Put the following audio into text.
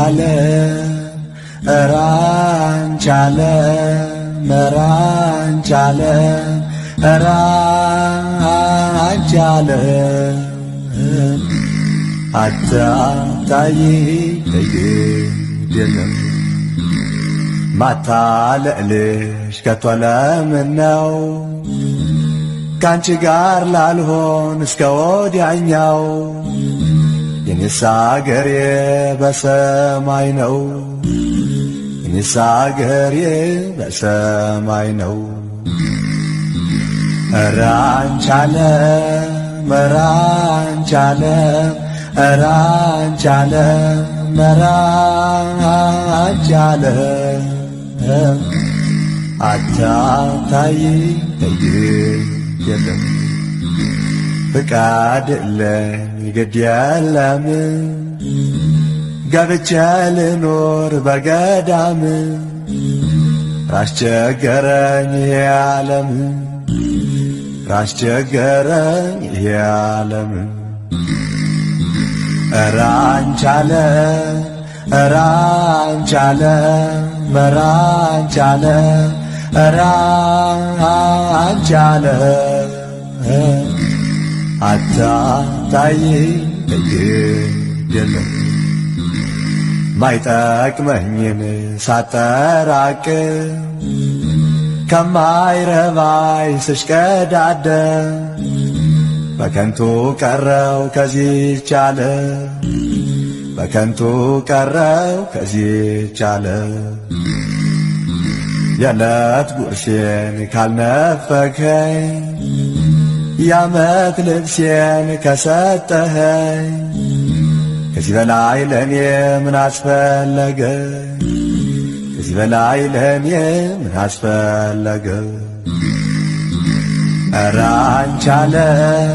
አንቻለ ኧረ አንቻለ ኧረ አንቻለ ኧረ አንቻለ ማታለልሽ ከቶ ለምን ነው ካንቺ ጋር ላልሆን እስከ ወዲያኛው እኔስ አገሬ በሰማይ ነው። እኔስ አገሬ በሰማይ ነው። ኧረ አንቺ ዓለም ኧረ አንቺ ዓለም አንቺ ዓለም አንቺ ዓለም አታታይ ተይ የለም ፍቃድ የለኝ ግድ ልኖር በገዳም ራስቸገረኝ ይሄ ራስቸገረኝ ይሄ እራንቻለ እራንቻለ መራንቻለ እራንቻለ አታጣይ እየደለ ማይጠቅመኝን ሳጠራቅ ከማይረባይ ስሽቀዳደ በከንቱ ቀረው ከዚህ ቻለ በከንቱ ቀረው ከዚህ ቻለ የዕለት ጉርሴን ካልነፈከኝ ያመት ልብሴን ከሰጠኸኝ ከዚህ በላይ ለእኔ ምን አስፈለገ? ከዚህ በላይ ለእኔ ምን አስፈለገ? ኧረ